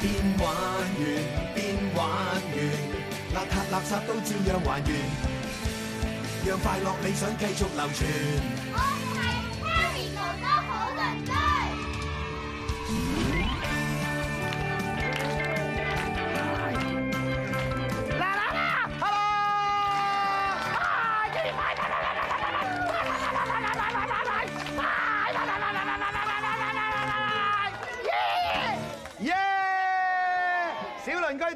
邊玩完邊玩完，邋遢 垃圾都照樣還原， 讓快樂理想繼續流傳。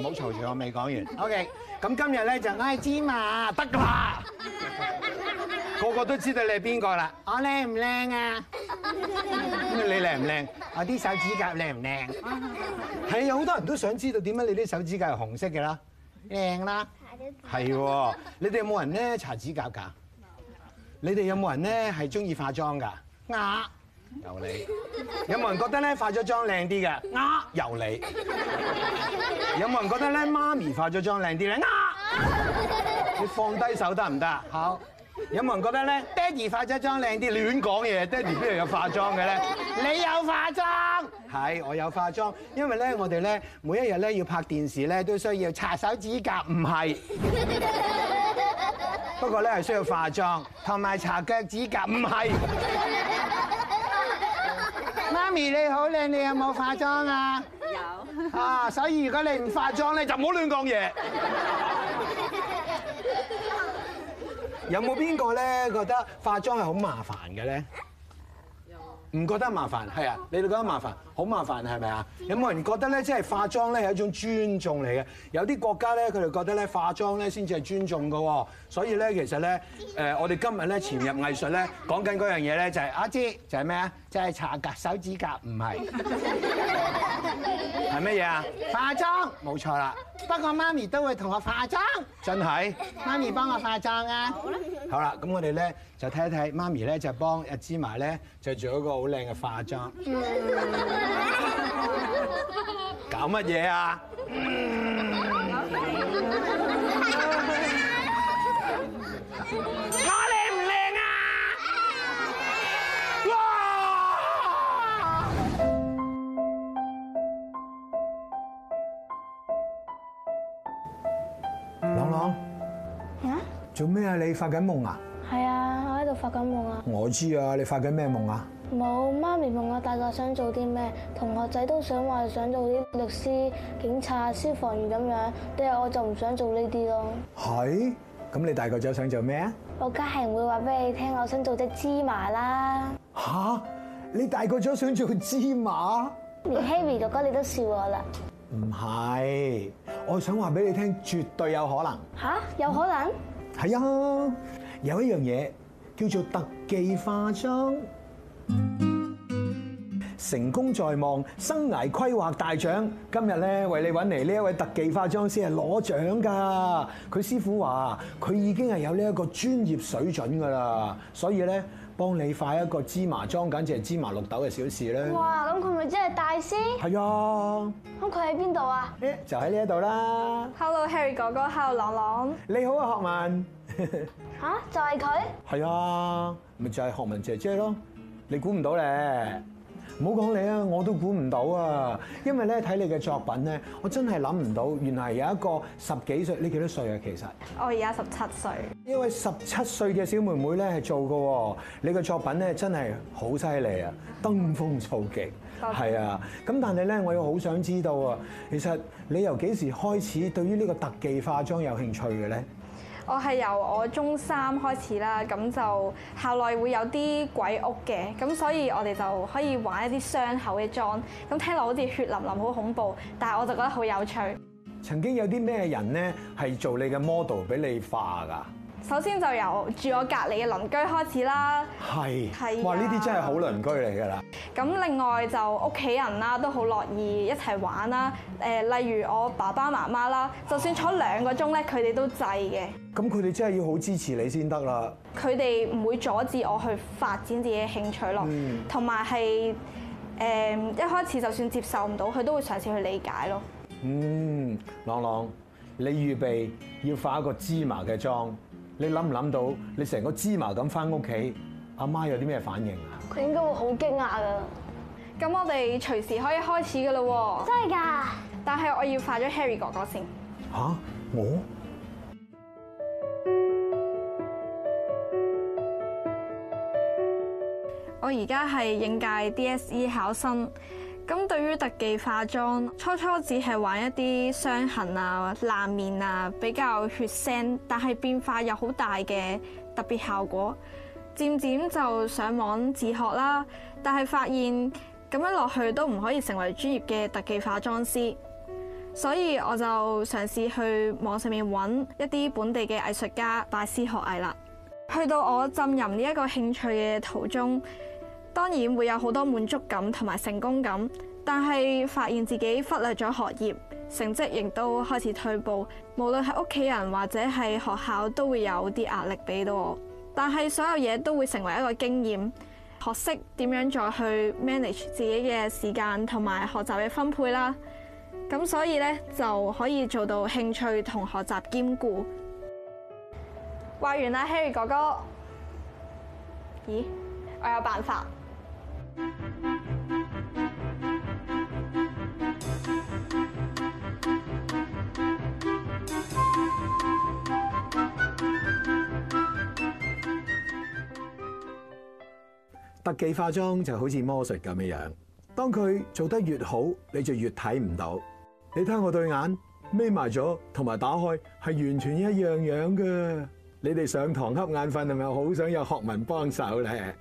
唔好嘈住，我未講完。OK，咁今日咧就嗌芝麻得㗎啦， 個個都知道你係邊個啦。我靚唔靚啊？ 你靚唔靚？啊啲手指甲靚唔靚？係啊， 有好多人都想知道點解你啲手指甲係紅色嘅啦。靚啦，係喎。你哋有冇人咧搽指甲㗎？ 你哋有冇人咧係中意化妝㗎？啊！由你，有冇人覺得咧化咗妝靚啲嘅？啊，由你。有冇人覺得咧媽咪化咗妝靚啲咧？啊，你 放低手得唔得？好，有冇人覺得咧爹哋化咗妝靚啲？亂講嘢，爹哋邊度有化妝嘅咧？ 你有化妝，係我有化妝，因為咧我哋咧每一日咧要拍電視咧都需要擦手指甲，唔係。 不過咧係需要化妝同埋擦腳指甲，唔係。 媽咪你好靚，你有冇化妝啊？有啊，所以如果你唔化妝咧，就唔好亂講嘢。 有冇邊個咧覺得化妝係好麻煩嘅咧？唔覺得麻煩，係啊！你哋覺得麻煩，好麻煩，係咪啊？的有冇人覺得咧，即係化妝咧係一種尊重嚟嘅？有啲國家咧，佢哋覺得咧化妝咧先至係尊重㗎喎。所以咧，其實咧，誒，我哋今日咧潛入藝術咧，就是，講緊嗰樣嘢咧就係「阿姐」，就係咩啊？就係擦甲手指甲，唔係。 係乜嘢啊？化妝，冇錯啦。不過媽咪都會同我化妝，真係。媽咪幫我化妝啊！好啦，咁我哋咧就睇一睇媽咪咧就幫芝麻咧就做一個好靚嘅化妝。搞乜嘢啊？你發緊夢啊？係啊，我喺度發緊夢啊！我知啊，你發緊咩夢啊？冇，媽咪同我大個想做啲咩？同學仔都想話想做啲律師、警察、消防員咁樣，但係我就唔想做呢啲咯。係，咁你大個咗想做咩啊？我家係唔會話俾你聽，我想做隻芝麻啦。吓、啊，你大個咗想做芝麻？連 Harry 哥哥你都笑我啦？唔係，我想話俾你聽，絕對有可能。吓、啊，有可能？嗯係啊，有一樣嘢叫做特技化妝，成功在望。生涯規劃大獎，今日咧為你搵嚟呢一位特技化妝師，係攞獎㗎。佢師傅話：佢已經係有呢一個專業水準㗎啦，所以咧。幫你化一個芝麻妝，簡直係芝麻綠豆嘅小事啦！哇，咁佢咪真係大師？係啊是的，咁佢喺邊度啊？誒，就喺呢一度啦。Hello，Harry 哥哥 Hello 朗朗。Hello, Ron Ron 你好啊，學文。吓、 啊？就係、是、佢？係啊，咪就係、是、學文姐姐咯，你估唔到咧。唔好講你啊！我都估唔到啊，因為咧睇你嘅作品咧，我真係諗唔到，原來有一個十幾歲，你幾多歲啊？其實哦，而家十七歲，呢位十七歲嘅小妹妹咧係做嘅喎。你嘅作品咧真係好犀利啊，登峰造極，係啊。咁但係咧，我又好想知道啊，其實你由幾時開始對於呢個特技化妝有興趣嘅咧？我係由我中三開始啦，咁就校內會有啲鬼屋嘅，咁所以我哋就可以玩一啲傷口嘅妝。咁聽落好似血淋淋，好恐怖，但係我就覺得好有趣。曾經有啲咩人呢？係做你嘅 model 俾你化㗎？首先就由住我隔離嘅鄰居開始啦，係，哇呢啲真係好鄰居嚟㗎啦。咁另外就屋企人啦，都好樂意一齊玩啦。誒，例如我爸爸媽媽啦，就算坐兩個鐘咧，佢哋都制嘅。咁佢哋真係要好支持你先得啦。佢哋唔會阻止我去發展自己嘅興趣咯，同埋係誒一開始就算接受唔到，佢都會嘗試去理解咯。嗯，朗朗，你預備要化一個芝麻嘅妝。你諗唔諗到你成個芝麻咁翻屋企，阿媽有啲咩反應啊？佢應該會好驚訝噶。咁我哋隨時可以開始噶啦喎！真係㗎，但係我要化咗 Harry 哥哥先。吓？我？我而家係應屆 DSE 考生。咁對於特技化妝，初初只係玩一啲傷痕啊、爛面啊，比較血腥，但係變化又好大嘅特別效果。漸漸就上網自學啦，但係發現咁樣落去都唔可以成為專業嘅特技化妝師，所以我就嘗試去網上面揾一啲本地嘅藝術家拜師學藝啦。去到我浸淫呢一個興趣嘅途中。當然會有好多滿足感同埋成功感，但係發現自己忽略咗學業，成績亦都開始退步。無論係屋企人或者係學校，都會有啲壓力俾到我。但係所有嘢都會成為一個經驗，學識點樣再去 manage 自己嘅時間同埋學習嘅分配啦。咁所以呢，就可以做到興趣同學習兼顧。話完啦，Harry 哥哥，咦，我有辦法。特技化妝就好似魔術咁樣樣。當佢做得越好，你就越睇唔到。你睇我對眼眯埋咗，同埋打開係完全一樣樣嘅。你哋上堂瞌眼瞓係咪？好想有學問幫手咧。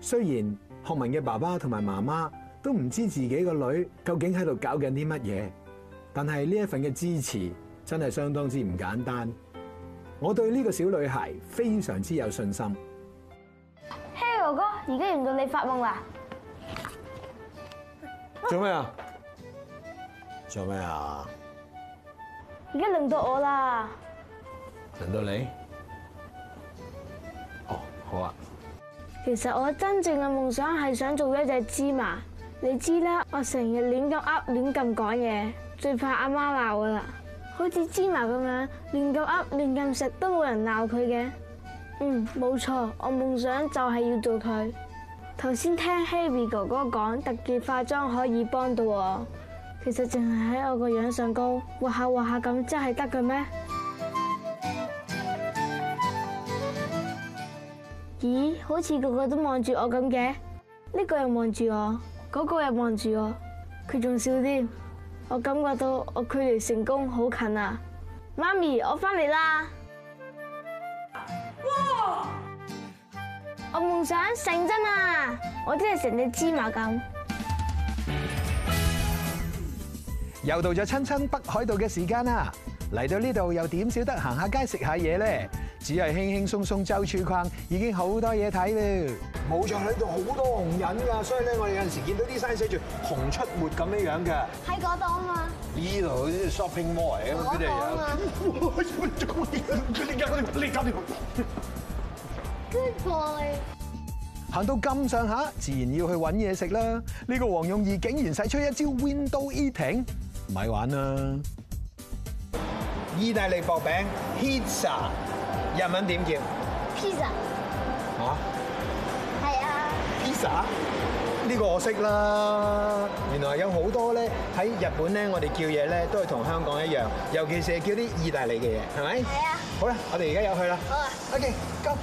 雖然。學文嘅爸爸同埋媽媽都唔知自己個女究竟喺度搞緊啲乜嘢，但係呢一份嘅支持真係相當之唔簡單。我對呢個小女孩非常之有信心。Harry 哥哥，而家輪到你發夢啦！做咩啊？做咩啊？而家輪到我啦！輪到你？哦，oh，好啊。其實我真正嘅夢想係想做一隻芝麻，你知啦，我成日亂咁噏，亂咁講嘢，最怕阿媽鬧噶啦。好似芝麻咁樣，亂咁噏，亂咁食都冇人鬧佢嘅。嗯，冇錯，我夢想就係要做佢。頭先聽 Harry 哥哥講，特技化妝可以幫到我。其實淨係喺我個樣上高畫下畫下咁，真係得嘅咩？咦，好似個個都望住我咁嘅，呢個人望住我，嗰個人望住我，佢仲笑啲。我感覺到我距離成功好近啦！媽咪，我翻嚟啦！哇！我夢想成真啊！我真係成隻芝麻咁。又到咗親親北海道嘅時間啦！嚟到呢度又點少得行下街食下嘢咧？只係輕輕鬆鬆周圍逛，已經好多嘢睇喇。冇錯，喺度好多紅人㗎，所以咧我哋有陣時見到啲衫寫住紅出沒咁樣樣嘅。喺嗰檔啊！呢度 shopping mall 嚟嘅。嗰檔啊！行到咁上下，自然要去揾嘢食啦。呢個黃容兒竟然使出一招 window eating，咪玩啦！意大利薄餅 pizza。日文點叫？Pizza。吓？係啊。Pizza？呢個我識啦。原來有好多咧喺日本咧，我哋叫嘢咧都係同香港一樣，尤其是係叫啲意大利嘅嘢，係咪？係啊。好啦，我哋而家入去啦。好啊。OK，go。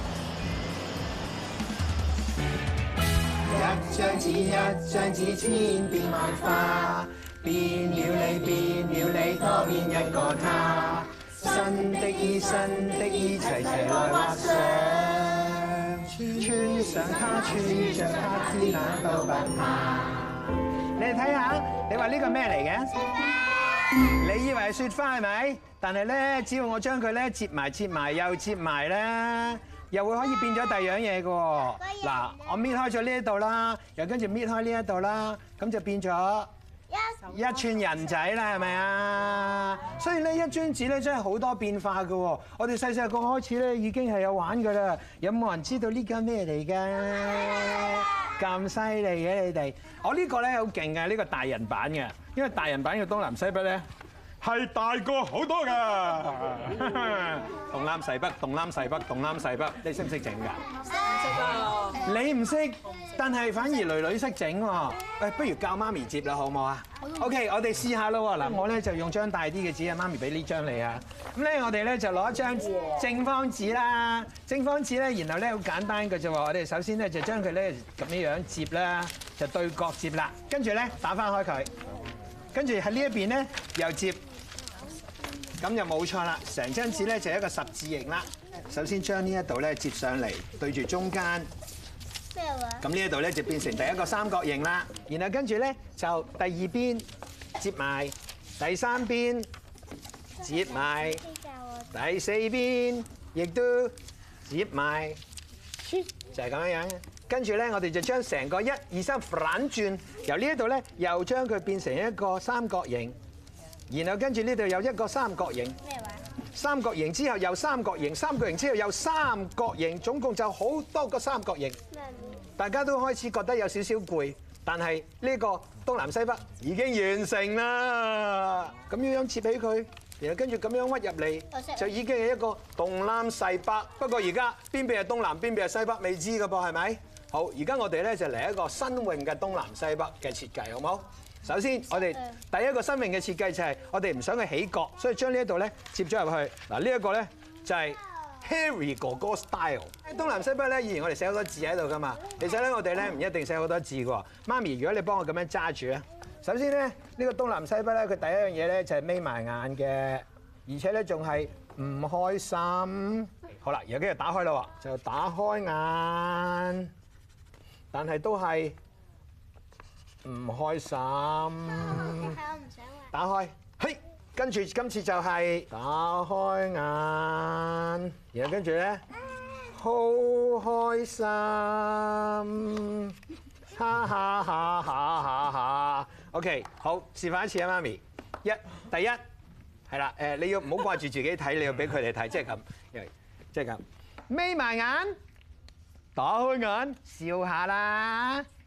新的衣，新的衣，齊齊來畫上他，穿上它，穿着它，天哪到白髮。你哋睇下，了你話呢個咩嚟嘅？雪花。你以為係雪花係咪？但係咧，只要我將佢咧摺埋、摺埋、又摺埋咧，又會可以變咗第二樣嘢嘅。嗱、啊啊，我搣開咗呢一度啦，又跟住搣開呢一度啦，咁就變咗。Yes. 一串人仔啦，係咪啊？Yeah. 所以呢一張紙咧真係好多變化㗎喎。我哋細細個開始咧已經係有玩㗎啦。有冇人知道呢個咩嚟㗎？咁犀利嘅你哋，我呢個咧好勁嘅，呢個大人版嘅，因為大人版嘅東南西北咧。係大過好多㗎！東南西北，東南西北，東南西北。你識唔識整㗎？識唔識㗎？你唔識，但係反而囡囡識整喎。喂，不如教媽咪摺啦，好唔好啊？OK，我哋試下啦喎。嗱，我咧就用張大啲嘅紙，阿媽咪俾呢張你啊。咁咧，我哋咧就攞張正方紙啦。正方紙咧，然後咧好簡單嘅就話，我哋首先咧就將佢咧咁樣樣摺啦，就對角摺啦。跟住咧打翻開佢，跟住喺呢一邊咧又摺。咁就冇錯啦，成張紙咧就一個十字形啦。首先將呢一度咧接上嚟，對住中間。咩話？咁呢一度咧就變成第一個三角形啦。然後跟住咧就第二邊接埋，第三邊接埋，第四邊亦都接埋，就係咁樣。跟住咧我哋就將成個一二三反轉，由呢一度咧又將佢變成一個三角形。然後跟住呢度有一個三角形，三角形之後又三角形，三角形之後又三角形，總共就好多個三角形。麼大家都開始覺得有少少攰，但係呢個東南西北已經完成啦。咁樣切俾佢，然後跟住咁樣屈入嚟，就已經係一個東南西北。不過而家邊邊係東南，邊邊係西北，未知㗎噃，係咪？好，而家我哋咧就嚟一個新穎嘅東南西北嘅設計，好唔好？首先，嗯、我哋第一個新穎嘅設計就係我哋唔想去起角，所以將呢一度咧接咗入去。嗱、啊，這個、呢一個咧就係、是、Harry 哥哥 style。的東南西北咧，以前我哋寫好多字喺度噶嘛。的其實咧，我哋咧唔一定寫好多字嘅喎。媽咪，如果你幫我咁樣揸住啊，首先咧呢、這個東南西北咧，佢第一樣嘢咧就係眯埋眼嘅，而且咧仲係唔開心。好啦，而家跟住打開啦，就打開眼，但係都係。唔開心。打開，嘿，跟住今次就係打開眼，然後跟住咧好開心，哈哈哈哈哈哈。OK，好示範一次啊，媽咪。一第一係啦，誒你要唔好掛住自己睇，你要俾佢哋睇，即係咁，因為即係咁，眯埋眼，打開眼，笑下啦。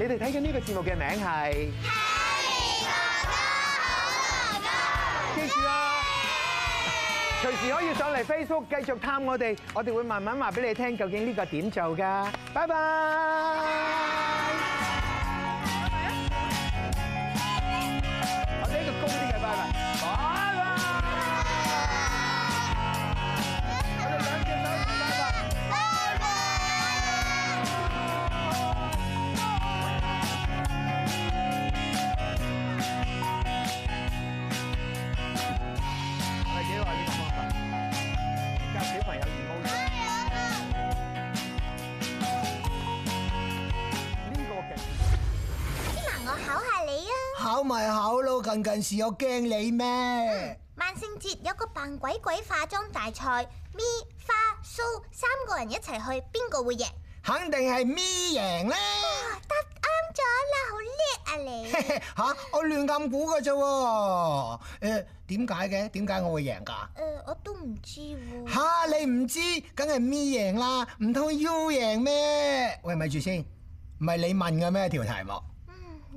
你哋睇緊呢個節目嘅名係， 記住啦， 隨時可以上嚟 Facebook 繼續探我哋，我哋會慢慢話俾你聽究竟呢個點做㗎。拜拜。都埋口咯，近近時我驚你咩、嗯？萬聖節有個扮鬼鬼化妝大賽，咪、花、蘇三個人一齊去，邊個會贏？肯定係咪贏咧？答啱咗啦，好叻啊你！吓、 啊，我亂咁估嘅啫喎。誒、欸，點解嘅？點解我會贏噶？誒、呃，我都唔知喎、啊。吓、啊，你唔知，梗係咪贏啦？唔通 U 贏咩？喂，咪住先，唔係你問嘅咩條題目？